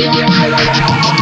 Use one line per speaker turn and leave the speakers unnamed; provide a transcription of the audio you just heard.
Yeah, yeah, yeah, yeah, yeah.